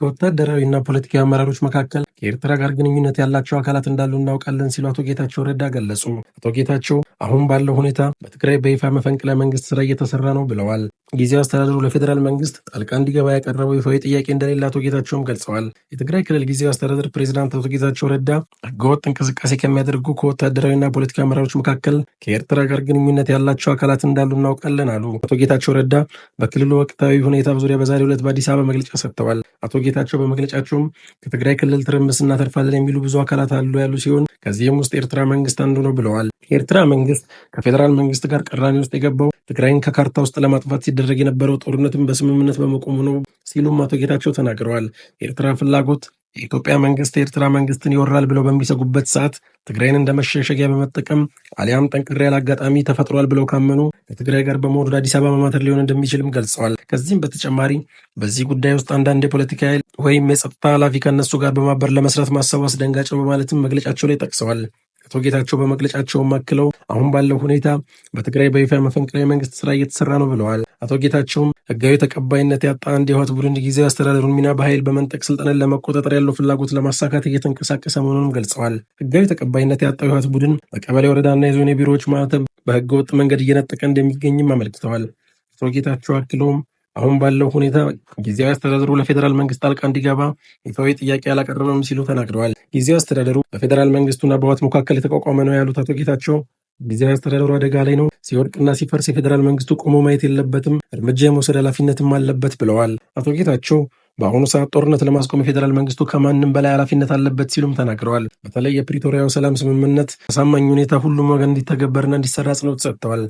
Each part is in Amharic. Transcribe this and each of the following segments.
ከወታደራዊና ፖለቲካዊ አመራሮች መካከል ከኤርትራ ጋር ግንኙነት ያላቸው አካላት እንዳሉ እናውቃለን ሲሉ አቶ ጌታቸው ረዳ ገለጹ። አቶ ጌታቸው አሁን ባለው ሁኔታ በትግራይ በይፋ መፈንቅለ መንግስት ስራ እየተሰራ ነው ብለዋል። ጊዜ አስተዳደሩ ለፌዴራል መንግስት ጣልቃ እንዲገባ ያቀረበው ይፋዊ ጥያቄ እንደሌለ አቶ ጌታቸውም ገልጸዋል። የትግራይ ክልል ጊዜ አስተዳደር ፕሬዚዳንት አቶ ጌታቸው ረዳ ህገወጥ እንቅስቃሴ ከሚያደርጉ ከወታደራዊና ፖለቲካ መራሮች መካከል ከኤርትራ ጋር ግንኙነት ያላቸው አካላት እንዳሉ እናውቃለን አሉ። አቶ ጌታቸው ረዳ በክልሉ ወቅታዊ ሁኔታ ዙሪያ በዛሬው ዕለት በአዲስ አበባ መግለጫ ሰጥተዋል። አቶ ጌታቸው በመግለጫቸውም ከትግራይ ክልል ትርምስ እናተርፋለን የሚሉ ብዙ አካላት አሉ ያሉ ሲሆን ከዚህም ውስጥ ኤርትራ መንግስት አንዱ ነው ብለዋል። የኤርትራ መንግስት ከፌዴራል መንግስት ጋር ቅራኔ ውስጥ የገባው ትግራይን ከካርታ ውስጥ ለማጥፋት ሲደረግ የነበረው ጦርነትን በስምምነት በመቆሙ ነው ሲሉም አቶ ጌታቸው ተናግረዋል። የኤርትራ ፍላጎት የኢትዮጵያ መንግስት የኤርትራ መንግስትን ይወራል ብለው በሚሰጉበት ሰዓት ትግራይን እንደ መሸሸጊያ በመጠቀም አሊያም ጠንቅሬ ያለ አጋጣሚ ተፈጥሯል ብለው ካመኑ ከትግራይ ጋር በመሆን ወደ አዲስ አበባ መማተር ሊሆን እንደሚችልም ገልጸዋል። ከዚህም በተጨማሪ በዚህ ጉዳይ ውስጥ አንዳንድ የፖለቲካ ኃይል ወይም የጸጥታ ኃላፊ ከእነሱ ጋር በማበር ለመስራት ማሰቡ አስደንጋጭ በማለትም መግለጫቸው ላይ ጠቅሰዋል። አቶ ጌታቸው በመግለጫቸውም አክለው አሁን ባለው ሁኔታ በትግራይ በይፋ መፈንቅላዊ መንግስት ስራ እየተሰራ ነው ብለዋል። አቶ ጌታቸውም ህጋዊ ተቀባይነት ያጣ አንድ የህወሓት ቡድን ጊዜ አስተዳደሩን ሚና በኃይል በመንጠቅ ስልጣንን ለመቆጣጠር ያለው ፍላጎት ለማሳካት እየተንቀሳቀሰ መሆኑንም ገልጸዋል። ህጋዊ ተቀባይነት ያጣው የህወሓት ቡድን በቀበሌ ወረዳና የዞን ቢሮዎች ማህተም በህገ ወጥ መንገድ እየነጠቀ እንደሚገኝም አመልክተዋል። አቶ ጌታቸው አክለውም አሁን ባለው ሁኔታ ጊዜያዊ አስተዳደሩ ለፌዴራል መንግስት ጣልቃ እንዲገባ ይፋዊ ጥያቄ አላቀረበም ሲሉ ተናግረዋል። ጊዜያዊ አስተዳደሩ በፌዴራል መንግስቱና በህወሓት መካከል የተቋቋመ ነው ያሉት አቶ ጌታቸው ጊዜያዊ አስተዳደሩ አደጋ ላይ ነው። ሲወድቅና ሲፈርስ የፌዴራል መንግስቱ ቆሞ ማየት የለበትም፣ እርምጃ የመውሰድ ኃላፊነትም አለበት ብለዋል አቶ ጌታቸው በአሁኑ ሰዓት ጦርነት ለማስቆም የፌዴራል መንግስቱ ከማንም በላይ ኃላፊነት አለበት ሲሉም ተናግረዋል። በተለይ የፕሪቶሪያው ሰላም ስምምነት አሳማኝ ሁኔታ ሁሉም ወገን እንዲተገበርና እንዲሰራ አጽንኦት ሰጥተዋል።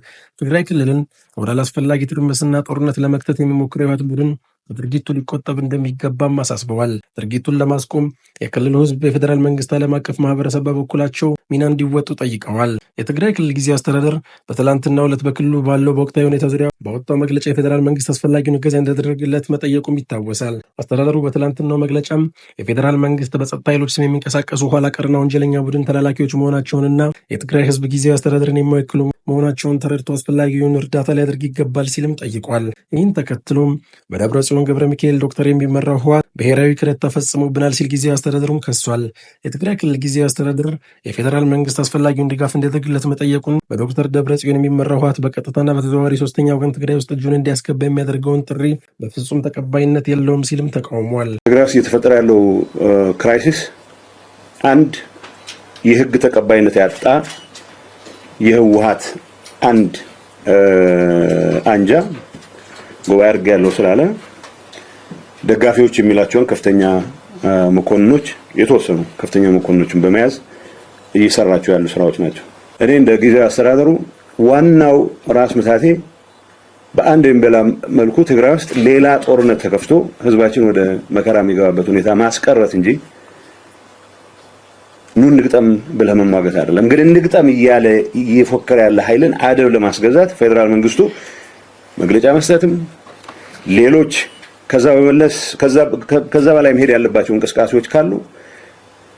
ትግራይ ክልልን ወደ አላስፈላጊ ትርምስና ጦርነት ለመክተት የሚሞክረው የህወሓት ቡድን በድርጊቱ ሊቆጠብ እንደሚገባም አሳስበዋል። ድርጊቱን ለማስቆም የክልሉ ህዝብ፣ የፌዴራል መንግስት፣ ዓለም አቀፍ ማህበረሰብ በበኩላቸው ሚና እንዲወጡ ጠይቀዋል። የትግራይ ክልል ጊዜ አስተዳደር በትላንትናው ዕለት በክልሉ ባለው በወቅታዊ ሁኔታ ዙሪያ በወጣው መግለጫ የፌዴራል መንግስት አስፈላጊውን እገዛ እንደተደረገለት መጠየቁም ይታወሳል። አስተዳደሩ በትላንትናው መግለጫም የፌዴራል መንግስት በጸጥታ ኃይሎች ስም የሚንቀሳቀሱ ኋላ ቀርና ወንጀለኛ ቡድን ተላላኪዎች መሆናቸውንና የትግራይ ህዝብ ጊዜ አስተዳደርን የማይወክሉ መሆናቸውን ተረድቶ አስፈላጊውን እርዳታ ሊያደርግ ይገባል ሲልም ጠይቋል። ይህን ተከትሎም በደብረ ጽዮን ገብረ ሚካኤል ዶክተር የሚመራው ህዋ ብሔራዊ ክረት ተፈጽሞብናል ሲል ጊዜ አስተዳደሩም ከሷል። የትግራይ ክልል ጊዜ አስተዳደር የፌዴራል መንግስት አስፈላጊውን ድጋፍ እንዲያደርግለት መጠየቁን በዶክተር ደብረ ጽዮን የሚመራው ህዋት በቀጥታና በተዘዋዋሪ ሶስተኛ ወገን ትግራይ ውስጥ እጁን እንዲያስገባ የሚያደርገውን ጥሪ በፍጹም ተቀባይነት የለውም ሲልም ተቃውሟል። ትግራይ ውስጥ እየተፈጠረ ያለው ክራይሲስ አንድ የህግ ተቀባይነት ያጣ የህወሓት አንድ አንጃ ጉባኤ አድርግ ያለው ስላለ ደጋፊዎች የሚላቸውን ከፍተኛ መኮንኖች የተወሰኑ ከፍተኛ መኮንኖችን በመያዝ እየሰራቸው ያሉ ስራዎች ናቸው። እኔ እንደ ጊዜ አስተዳደሩ ዋናው ራስ ምታቴ በአንድ ወይም በላ መልኩ ትግራይ ውስጥ ሌላ ጦርነት ተከፍቶ ህዝባችን ወደ መከራ የሚገባበት ሁኔታ ማስቀረት እንጂ ኑ እንግጠም ብለህ መሟገት አይደለም። ግን እንግጠም እያለ እየፎከረ ያለ ኃይልን አደብ ለማስገዛት ፌዴራል መንግስቱ መግለጫ መስጠትም ሌሎች ከዛ በመለስ ከዛ በላይ መሄድ ያለባቸው እንቅስቃሴዎች ካሉ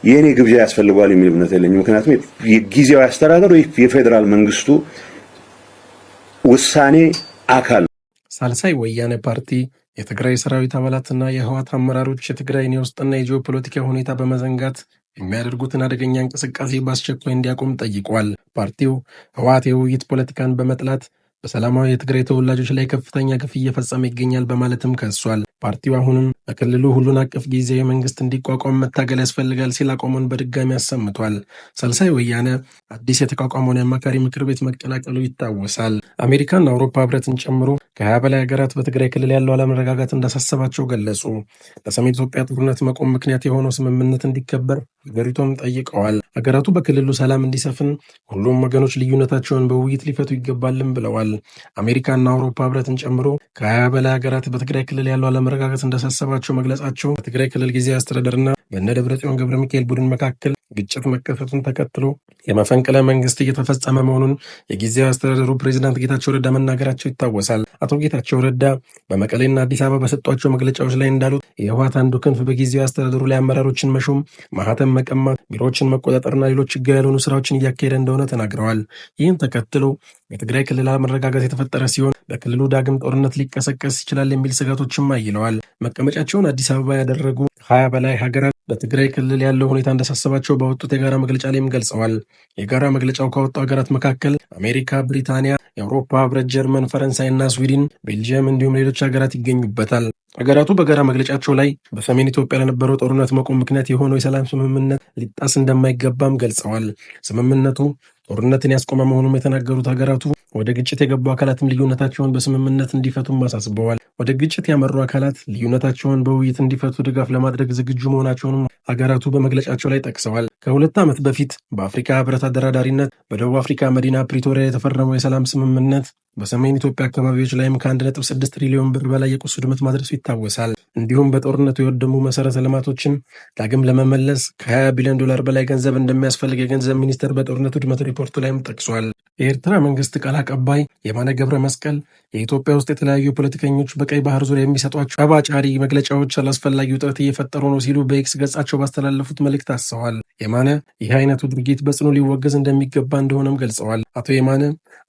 የእኔ ግብዣ ያስፈልገዋል የሚል እምነት የለኝ። ምክንያቱም የጊዜያዊ አስተዳደሩ የፌዴራል መንግስቱ ውሳኔ አካል ሳልሳይ ወያነ ፓርቲ የትግራይ ሰራዊት አባላትና የህወሓት አመራሮች የትግራይን የውስጥና የጂኦፖለቲካ ሁኔታ በመዘንጋት የሚያደርጉትን አደገኛ እንቅስቃሴ በአስቸኳይ እንዲያቆም ጠይቋል። ፓርቲው ህወሓት የውይይት ፖለቲካን በመጥላት በሰላማዊ የትግራይ ተወላጆች ላይ ከፍተኛ ግፍ እየፈጸመ ይገኛል በማለትም ከሷል። ፓርቲው አሁንም በክልሉ ሁሉን አቀፍ ጊዜያዊ መንግስት እንዲቋቋም መታገል ያስፈልጋል ሲል አቋሙን በድጋሚ አሰምቷል። ሳልሳይ ወያነ አዲስ የተቋቋመውን የአማካሪ ምክር ቤት መቀላቀሉ ይታወሳል። አሜሪካና አውሮፓ ህብረትን ጨምሮ ከሀያ በላይ ሀገራት በትግራይ ክልል ያለው አለመረጋጋት እንዳሳሰባቸው ገለጹ። ለሰሜን ኢትዮጵያ ጦርነት መቆም ምክንያት የሆነው ስምምነት እንዲከበር ሀገሪቱም ጠይቀዋል። ሀገራቱ በክልሉ ሰላም እንዲሰፍን ሁሉም ወገኖች ልዩነታቸውን በውይይት ሊፈቱ ይገባልም ብለዋል። አሜሪካና አውሮፓ ህብረትን ጨምሮ ከሀያ በላይ ሀገራት በትግራይ ክልል ያለው አለመረጋጋት እንዳሳሰባቸው መግለጻቸው በትግራይ ክልል ጊዜያዊ አስተዳደርና በእነ ጽዮን ገብረ ሚካኤል ቡድን መካከል ግጭት መከሰቱን ተከትሎ የመፈንቅለ መንግስት እየተፈጸመ መሆኑን የጊዜያዊ አስተዳደሩ ፕሬዚዳንት ጌታቸው ረዳ መናገራቸው ይታወሳል። አቶ ጌታቸው ረዳ በመቀሌና አዲስ አበባ በሰጧቸው መግለጫዎች ላይ እንዳሉት የህወሓት አንዱ ክንፍ በጊዜያዊ አስተዳደሩ ላይ አመራሮችን መሾም፣ ማህተም መቀማት፣ ቢሮዎችን መቆጣጠርና ሌሎች ህጋዊ ያልሆኑ ስራዎችን እያካሄደ እንደሆነ ተናግረዋል። ይህን ተከትሎ በትግራይ ክልል አለመረጋጋት የተፈጠረ ሲሆን በክልሉ ዳግም ጦርነት ሊቀሰቀስ ይችላል የሚል ስጋቶችም አይለዋል። መቀመጫቸውን አዲስ አበባ ያደረጉ ሀያ በላይ ሀገራት በትግራይ ክልል ያለው ሁኔታ እንዳሳሰባቸው በወጡት የጋራ መግለጫ ላይም ገልጸዋል። የጋራ መግለጫው ከወጡ ሀገራት መካከል አሜሪካ፣ ብሪታንያ፣ የአውሮፓ ህብረት፣ ጀርመን፣ እና ስዊድን፣ ቤልጅየም እንዲሁም ሌሎች ሀገራት ይገኙበታል። ሀገራቱ በጋራ መግለጫቸው ላይ በሰሜን ኢትዮጵያ ለነበረው ጦርነት መቆም ምክንያት የሆነው የሰላም ስምምነት ሊጣስ እንደማይገባም ገልጸዋል። ስምምነቱ ጦርነትን ያስቆመ መሆኑም የተናገሩት ሀገራቱ ወደ ግጭት የገቡ አካላትም ልዩነታቸውን በስምምነት እንዲፈቱም አሳስበዋል። ወደ ግጭት ያመሩ አካላት ልዩነታቸውን በውይይት እንዲፈቱ ድጋፍ ለማድረግ ዝግጁ መሆናቸውንም ሀገራቱ በመግለጫቸው ላይ ጠቅሰዋል። ከሁለት ዓመት በፊት በአፍሪካ ህብረት አደራዳሪነት በደቡብ አፍሪካ መዲና ፕሪቶሪያ የተፈረመው የሰላም ስምምነት በሰሜን ኢትዮጵያ አካባቢዎች ላይም ከ1.6 ትሪሊዮን ብር በላይ የቁስ ውድመት ማድረሱ ይታወሳል። እንዲሁም በጦርነቱ የወደሙ መሰረተ ልማቶችን ዳግም ለመመለስ ከ20 ቢሊዮን ዶላር በላይ ገንዘብ እንደሚያስፈልግ የገንዘብ ሚኒስቴር በጦርነቱ ውድመት ሪፖርቱ ላይም ጠቅሷል። የኤርትራ መንግስት ቃል አቀባይ የማነ ገብረ መስቀል የኢትዮጵያ ውስጥ የተለያዩ ፖለቲከኞች በቀይ ባህር ዙሪያ የሚሰጧቸው አባጫሪ መግለጫዎች አላስፈላጊ ውጥረት እየፈጠሩ ነው ሲሉ በኤክስ ገጻቸው ባስተላለፉት መልእክት አስሰዋል። የማነ ይህ አይነቱ ድርጊት በጽኑ ሊወገዝ እንደሚገባ እንደሆነም ገልጸዋል። አቶ የማነ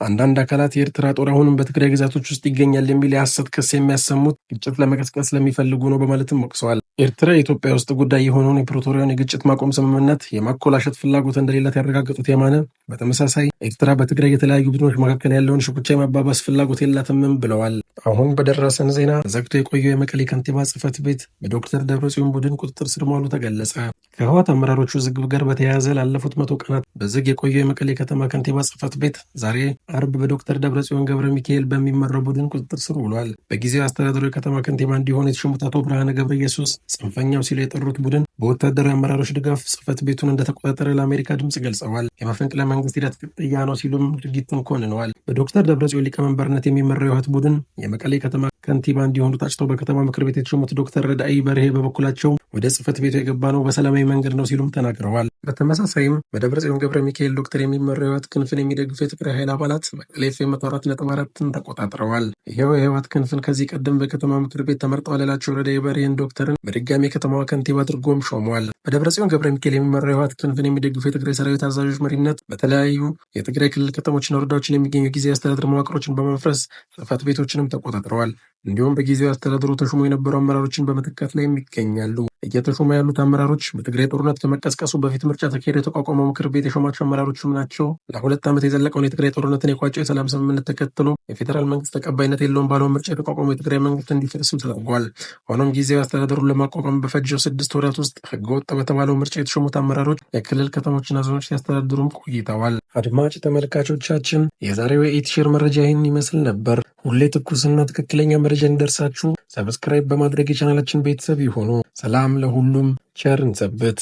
አንዳንድ አካላት የኤርትራ ጦር አሁንም በትግራይ ግዛቶች ውስጥ ይገኛል የሚል የሐሰት ክስ የሚያሰሙት ግጭት ለመቀስቀስ ለሚፈልጉ ነው በማለትም ወቅሰዋል። ኤርትራ የኢትዮጵያ ውስጥ ጉዳይ የሆነውን የፕሪቶሪያን የግጭት ማቆም ስምምነት የማኮላሸት ፍላጎት እንደሌላት ያረጋገጡት የማነ በተመሳሳይ ኤርትራ በትግራይ የተለያዩ ቡድኖች መካከል ያለውን ሽኩቻ የማባባስ ፍላጎት የላትምም ብለዋል። አሁን በደረሰን ዜና ተዘግቶ የቆየው የመቀሌ ከንቲባ ጽህፈት ቤት በዶክተር ደብረጽዮን ቡድን ቁጥጥር ስር መዋሉ ተገለጸ። ከህወሓት አመራሮቹ ዝግ ምግብ ጋር በተያያዘ ላለፉት መቶ ቀናት በዝግ የቆየው የመቀሌ ከተማ ከንቲባ ጽህፈት ቤት ዛሬ አርብ በዶክተር ደብረጽዮን ገብረ ሚካኤል በሚመራው ቡድን ቁጥጥር ስር ውሏል። በጊዜው አስተዳደሩ የከተማ ከንቲባ እንዲሆኑ የተሾሙት አቶ ብርሃነ ገብረ ኢየሱስ ጽንፈኛው ሲሉ የጠሩት ቡድን በወታደራዊ አመራሮች ድጋፍ ጽህፈት ቤቱን እንደተቆጣጠረ ለአሜሪካ ድምጽ ገልጸዋል። የመፈንቅለ መንግስት ሂደት ቅጥያ ነው ሲሉም ድርጊቱን ኮንነዋል። በዶክተር ደብረጽዮን ሊቀመንበርነት የሚመራው የውህት ቡድን የመቀሌ ከተማ ከንቲባ እንዲሆኑ ታጭተው በከተማ ምክር ቤት የተሾሙት ዶክተር ረዳኢ በርሄ በበኩላቸው ወደ ጽህፈት ቤቱ የገባ ነው በሰላማዊ መንገድ ነው ሲሉም ተናግረዋል። Royal በተመሳሳይም በደብረ ጽዮን ገብረ ሚካኤል ዶክተር የሚመራው የህወሓት ክንፍን የሚደግፉ የትግራይ ኃይል አባላት መቀሌ ኤፍ መቶ አራት ነጥብ አራትን ተቆጣጥረዋል። ይኸው የህወሓት ክንፍን ከዚህ ቀደም በከተማ ምክር ቤት ተመርጠዋል ያላቸው ረዳ የበሬን ዶክተርን በድጋሚ የከተማዋ ከንቲባ አድርጎም ሾሟል። በደብረ ጽዮን ገብረ ሚካኤል የሚመራው የህወሓት ክንፍን የሚደግፉ የትግራይ ሰራዊት አዛዦች መሪነት በተለያዩ የትግራይ ክልል ከተሞችና ወረዳዎችን የሚገኙ ጊዜያዊ አስተዳደር መዋቅሮችን በመፍረስ ጽሕፈት ቤቶችንም ተቆጣጥረዋል። እንዲሁም በጊዜያዊ አስተዳደሩ ተሾሞ የነበሩ አመራሮችን በመተካት ላይ ይገኛሉ። እየተሾሙ ያሉት አመራሮች በትግራይ ጦርነት ከመቀስቀሱ በፊት ምርጫ ተካሄደ የተቋቋመው ምክር ቤት የሾማቸው አመራሮችም ናቸው። ለሁለት ዓመት የዘለቀውን የትግራይ ጦርነትን የቋጨው የሰላም ስምምነት ተከትሎ የፌዴራል መንግስት ተቀባይነት የለውም ባለውን ምርጫ የተቋቋመው የትግራይ መንግስት እንዲፈርስም ተደርጓል። ሆኖም ጊዜያዊ አስተዳደሩን ለማቋቋም በፈጀው ስድስት ወራት ውስጥ ህገወጥ በተባለው ምርጫ የተሾሙት አመራሮች የክልል ከተሞችና ዞኖች ሲያስተዳድሩም ቆይተዋል። አድማጭ ተመልካቾቻችን የዛሬው የኢትሽር መረጃ ይህን ይመስል ነበር። ሁሌ ትኩስና ትክክለኛ መረጃ እንዲደርሳችሁ ሰብስክራይብ በማድረግ የቻናላችን ቤተሰብ ይሁኑ። ሰላም ለሁሉም፣ ቸር እንሰንብት።